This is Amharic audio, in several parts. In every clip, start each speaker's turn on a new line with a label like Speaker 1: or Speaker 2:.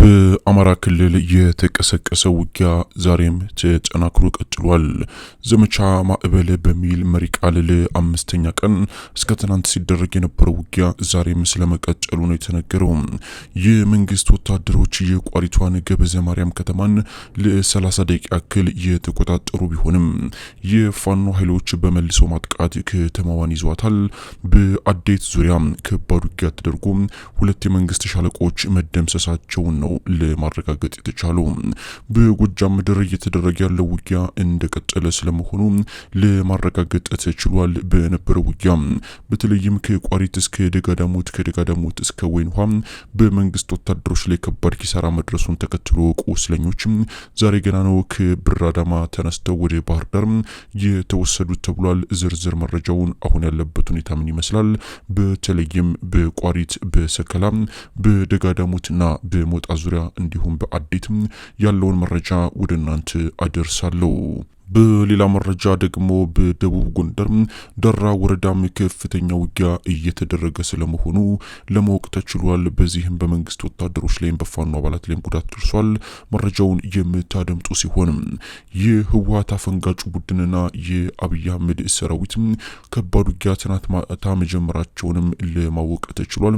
Speaker 1: በአማራ ክልል የተቀሰቀሰ ውጊያ ዛሬም ተጠናክሮ ቀጥሏል። ዘመቻ ማዕበል በሚል መሪ ቃል ለአምስተኛ ቀን እስከ ትናንት ሲደረግ የነበረው ውጊያ ዛሬም ስለመቀጠሉ ነው የተነገረው። የመንግስት ወታደሮች የቋሪቷን ገበዘ ማርያም ከተማን ለሰላሳ 30 ደቂቃ ያክል የተቆጣጠሩ ቢሆንም የፋኖ ኃይሎች በመልሶ ማጥቃት ከተማዋን ይዟታል። በአዴት ዙሪያ ከባድ ውጊያ ተደርጎ ሁለት የመንግስት ሻለቆች መደምሰሳቸውን ነው ለማረጋገጥ የተቻሉ። በጎጃም ምድር እየተደረገ ያለው ውጊያ እንደቀጠለ ስለመሆኑ ለማረጋገጥ ተችሏል። በነበረው ውጊያ በተለይም ከቋሪት እስከ ደጋዳሞት ከደጋዳሞት እስከ ወይን ውሃ በመንግስት ወታደሮች ላይ ከባድ ኪሳራ መድረሱን ተከትሎ ቁስለኞች ዛሬ ገና ነው ከብር አዳማ ተነስተው ወደ ባህር ዳር የተወሰዱት ተብሏል። ዝርዝር መረጃውን አሁን ያለበት ሁኔታ ምን ይመስላል? በተለይም በቋሪት በሰከላ በደጋዳሞትና በሞጣ ሻለቃ ዙሪያ እንዲሁም በአዴትም ያለውን መረጃ ወደ እናንተ አደርሳለሁ። በሌላ መረጃ ደግሞ በደቡብ ጎንደር ደራ ወረዳም ከፍተኛ ውጊያ እየተደረገ ስለመሆኑ ለማወቅ ተችሏል። በዚህም በመንግስት ወታደሮች ላይም በፋኖ አባላት ላይም ጉዳት ደርሷል። መረጃውን የምታደምጡ ሲሆን የህወሀት አፈንጋጩ ቡድንና የአብይ አህመድ ሰራዊት ከባድ ውጊያ ትናንት ማታ መጀመራቸውንም ለማወቅ ተችሏል።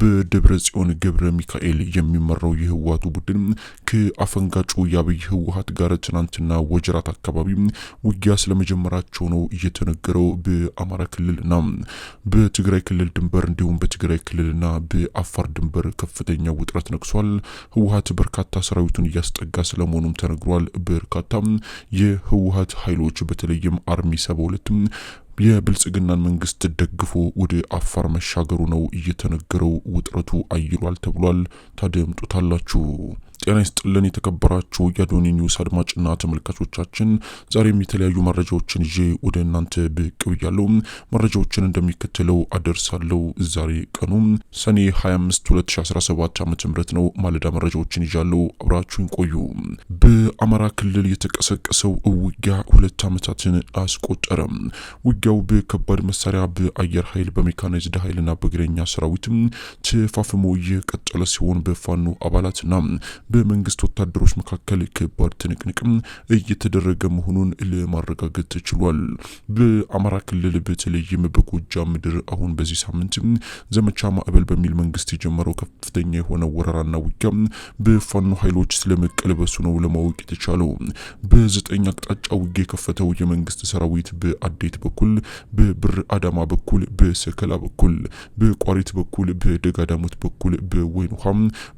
Speaker 1: በደብረ ጽዮን ገብረ ሚካኤል የሚመራው የህወሀቱ ቡድን ከአፈንጋጩ የአብይ ህወሀት ጋር ትናንትና ወጀራት አካባቢ አካባቢ ውጊያ ስለመጀመራቸው ነው እየተነገረው። በአማራ ክልልና በትግራይ ክልል ድንበር እንዲሁም በትግራይ ክልልና በአፋር ድንበር ከፍተኛ ውጥረት ነግሷል። ህወሀት በርካታ ሰራዊቱን እያስጠጋ ስለመሆኑም ተነግሯል። በርካታ የህወሀት ኃይሎች በተለይም አርሚ ሰባ ሁለት የብልጽግናን መንግስት ደግፎ ወደ አፋር መሻገሩ ነው እየተነገረው። ውጥረቱ አይሏል ተብሏል። ታደምጡታላችሁ። ጤና ይስጥልን የተከበራችሁ የዶኒ ኒውስ አድማጭና ተመልካቾቻችን፣ ዛሬም የተለያዩ መረጃዎችን ይዤ ወደ እናንተ ብቅ ብያለሁ። መረጃዎችን እንደሚከተለው አደርሳለሁ። ዛሬ ቀኑ ሰኔ 25 2017 ዓ ም ነው። ማለዳ መረጃዎችን ይዣለሁ። አብራችሁን ቆዩ። በአማራ ክልል የተቀሰቀሰው ውጊያ ሁለት ዓመታትን አስቆጠረም። ውጊያው በከባድ መሳሪያ፣ በአየር ኃይል፣ በሜካናይዝድ ኃይልና በእግረኛ ሰራዊትም ተፋፍሞ እየቀጠለ ሲሆን በፋኖ አባላትና በመንግስት ወታደሮች መካከል ከባድ ትንቅንቅም እየተደረገ መሆኑን ለማረጋገጥ ተችሏል። በአማራ ክልል በተለይም በጎጃም ምድር አሁን በዚህ ሳምንት ዘመቻ ማዕበል በሚል መንግስት የጀመረው ከፍተኛ የሆነ ወረራና ውጊያ በፋኖ ኃይሎች ስለመቀልበሱ ነው ለማወቅ የተቻለው። በዘጠኝ አቅጣጫ ውጊያ የከፈተው የመንግስት ሰራዊት በአዴት በኩል፣ በብር አዳማ በኩል፣ በሰከላ በኩል፣ በቋሪት በኩል፣ በደጋዳሞት በኩል፣ በወይን ውሃ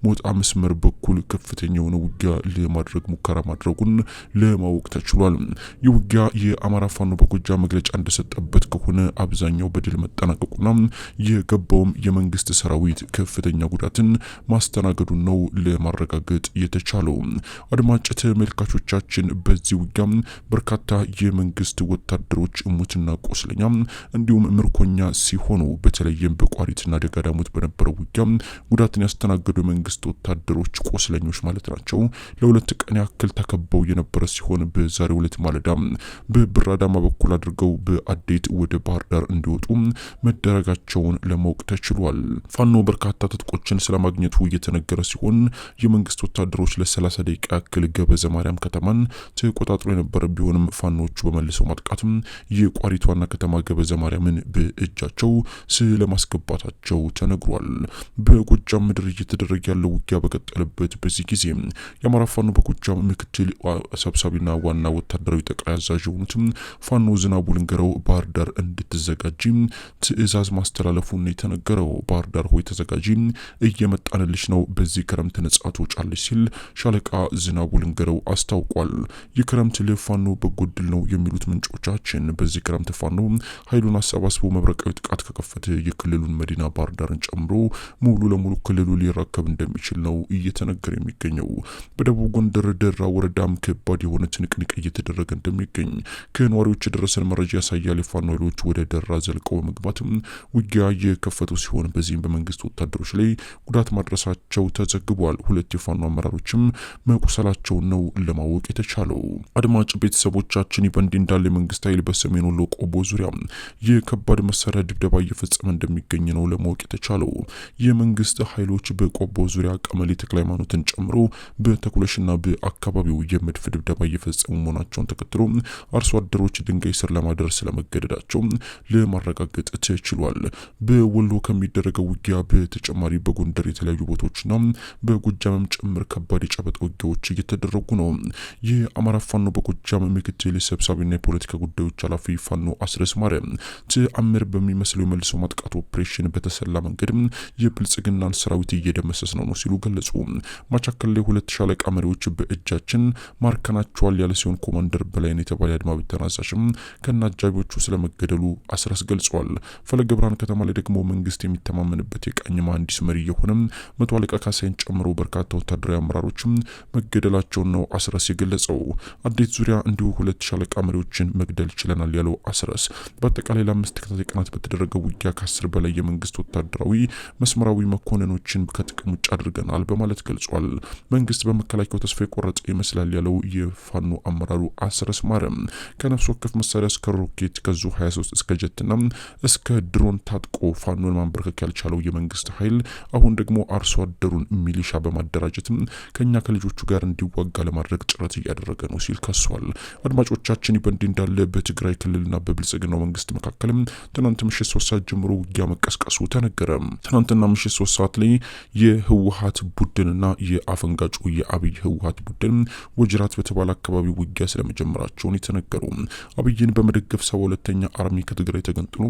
Speaker 1: ሞጣ መስመር በኩል ከፍተኛ የሆነ ውጊያ ለማድረግ ሙከራ ማድረጉን ለማወቅ ተችሏል። ይህ ውጊያ የአማራ ፋኖ በጎጃ መግለጫ እንደሰጠበት ከሆነ አብዛኛው በድል መጠናቀቁና የገባውም የመንግስት ሰራዊት ከፍተኛ ጉዳትን ማስተናገዱን ነው ለማረጋገጥ የተቻለው። አድማጭ ተመልካቾቻችን በዚህ ውጊያ በርካታ የመንግስት ወታደሮች ሙትና ቆስለኛ እንዲሁም ምርኮኛ ሲሆኑ በተለይም በቋሪትና ደጋዳሞት በነበረው ውጊያ ጉዳትን ያስተናገዱ የመንግስት ወታደሮች ቆስለኞች ተቃዋሚዎች ማለት ናቸው ለሁለት ቀን ያክል ተከበው የነበረ ሲሆን በዛሬ ሁለት ማለዳ በብራዳማ በኩል አድርገው በአዴት ወደ ባህር ዳር እንዲወጡ መደረጋቸውን ለማወቅ ተችሏል። ፋኖ በርካታ ትጥቆችን ስለማግኘቱ እየተነገረ ሲሆን የመንግስት ወታደሮች ለ30 ደቂቃ ያክል ገበዘ ማርያም ከተማን ተቆጣጥሮ የነበረ ቢሆንም ፋኖቹ በመልሰው ማጥቃትም የቋሪት ዋና ከተማ ገበዘ ማርያምን በእጃቸው ስለማስገባታቸው ተነግሯል። በጎጃም ምድር እየተደረገ ያለው ውጊያ በቀጠለበት በዚህ በዚህ ጊዜ የአማራ ፋኖ በጎጃም ምክትል ሰብሳቢና ዋና ወታደራዊ ጠቅላይ አዛዥ የሆኑትም ፋኖ ዝናቡ ልንገረው ባህር ዳር እንድትዘጋጂ ትእዛዝ ማስተላለፉን የተነገረው። ባህር ዳር ሆይ ተዘጋጂ፣ እየመጣንልሽ ነው፣ በዚህ ክረምት ነጻ ትወጫለሽ ሲል ሻለቃ ዝናቡ ልንገረው አስታውቋል። የክረምት ክረምት ለፋኖ በጎድል ነው የሚሉት ምንጮቻችን በዚህ ክረምት ፋኖ ኃይሉን አሰባስቦ መብረቃዊ ጥቃት ከከፈተ የክልሉን መዲና ባህር ዳርን ጨምሮ ሙሉ ለሙሉ ክልሉ ሊረከብ እንደሚችል ነው እየተነገረ የሚ የሚገኘው። በደቡብ ጎንደር ደራ ወረዳም ከባድ የሆነ ትንቅንቅ እየተደረገ እንደሚገኝ ከነዋሪዎች የደረሰን መረጃ ያሳያል። የፋኖ ኃይሎች ወደ ደራ ዘልቀው በመግባትም ውጊያ የከፈቱ ሲሆን በዚህም በመንግስት ወታደሮች ላይ ጉዳት ማድረሳቸው ተዘግቧል። ሁለት የፋኖ አመራሮችም መቁሰላቸውን ነው ለማወቅ የተቻለው። አድማጭ ቤተሰቦቻችን ይበንድ እንዳለ የመንግስት ኃይል በሰሜን ወሎ ቆቦ ዙሪያ የከባድ መሳሪያ ድብደባ እየፈጸመ እንደሚገኝ ነው ለማወቅ የተቻለው። የመንግስት ኃይሎች በቆቦ ዙሪያ ቀመሌ ተክለ ሃይማኖትን ጨምሮ በተኩለሽና በአካባቢው የመድፍ ድብደባ እየፈጸሙ መሆናቸውን ተከትሎ አርሶ አደሮች ድንጋይ ስር ለማደር ስለመገደዳቸው ለማረጋገጥ ተችሏል። በወሎ ከሚደረገው ውጊያ በተጨማሪ በጎንደር የተለያዩ ቦታዎችና በጎጃምም ጭምር ከባድ የጨበጣ ውጊያዎች እየተደረጉ ነው። የአማራ ፋኖ በጎጃም ምክትል ሰብሳቢና የፖለቲካ ጉዳዮች ኃላፊ ፋኖ አስረስ ማርያም ተአምር በሚመስለው የመልሶ ማጥቃት ኦፕሬሽን በተሰላ መንገድ የብልጽግናን ሰራዊት እየደመሰስ ነው ነው ሲሉ ገለጹ። ማቻከል ላይ ሁለት ሻለቃ መሪዎች በእጃችን ማርከናቸዋል ያለ ሲሆን ኮማንደር በላይን የተባለ አድማ ብተና አዛዥም ከነ አጃቢዎቹ ስለመገደሉ አስረስ ገልጸዋል። ፈለገ ብርሃን ከተማ ላይ ደግሞ መንግስት የሚተማመንበት የቀኝ መሀንዲስ መሪ የሆነም መቶ አለቃ ካሳይን ጨምሮ በርካታ ወታደራዊ አመራሮችም መገደላቸውን ነው አስረስ የገለጸው። አዴት ዙሪያ እንዲሁ ሁለት ሻለቃ መሪዎችን መግደል ችለናል ያለው አስረስ በአጠቃላይ ለአምስት ተከታታይ ቀናት በተደረገ ውጊያ ከአስር በላይ የመንግስት ወታደራዊ መስመራዊ መኮንኖችን ከጥቅም ውጭ አድርገናል በማለት ገልጿል። ተናግረዋል። መንግስት በመከላከያው ተስፋ የቆረጠ ይመስላል ያለው የፋኖ አመራሩ አስረስ ማረ ከነፍስ ወከፍ መሳሪያ እስከ ሮኬት ከዙ 23 እስከ ጀትና እስከ ድሮን ታጥቆ ፋኖን ማንበርከክ ያልቻለው የመንግስት ኃይል አሁን ደግሞ አርሶ አደሩን ሚሊሻ በማደራጀት ከኛ ከልጆቹ ጋር እንዲዋጋ ለማድረግ ጥረት እያደረገ ነው ሲል ከሷል። አድማጮቻችን በእንዲህ እንዳለ በትግራይ ክልልና በብልጽግናው መንግስት መካከልም ትናንት ምሽት ሶስት ሰዓት ጀምሮ ውጊያ መቀስቀሱ ተነገረ። ትናንትና ምሽት ሶስት ሰዓት ላይ የህወሀት ቡድንና የ አፈንጋጩ የአብይ ህወሀት ቡድን ወጅራት በተባለ አካባቢ ውጊያ ስለመጀመራቸውን የተነገሩ አብይን በመደገፍ ሰባ ሁለተኛ አርሚ ከትግራይ ተገንጥሎ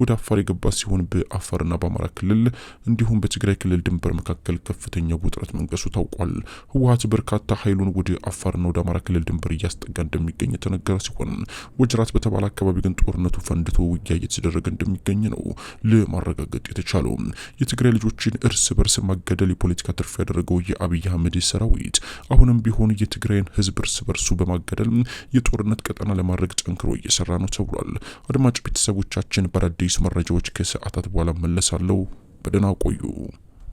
Speaker 1: ወደ አፋር የገባ ሲሆን በአፋርና በአማራ ክልል እንዲሁም በትግራይ ክልል ድንበር መካከል ከፍተኛ ውጥረት መንገሱ ታውቋል። ህወሀት በርካታ ኃይሉን ወደ አፋርና ወደ አማራ ክልል ድንበር እያስጠጋ እንደሚገኝ የተነገረ ሲሆን ወጅራት በተባለ አካባቢ ግን ጦርነቱ ፈንድቶ ውጊያ እየተደረገ እንደሚገኝ ነው ለማረጋገጥ የተቻለው። የትግራይ ልጆችን እርስ በርስ ማገደል የፖለቲካ ትርፍ ያደረገው የአብይ አብይ አህመድ ሰራዊት አሁንም ቢሆን የትግራይን ህዝብ እርስ በርሱ በማገደል የጦርነት ቀጠና ለማድረግ ጨንክሮ እየሰራ ነው ተብሏል። አድማጭ ቤተሰቦቻችን በአዳዲስ መረጃዎች ከሰዓታት በኋላ መለሳለሁ። በደህና ቆዩ።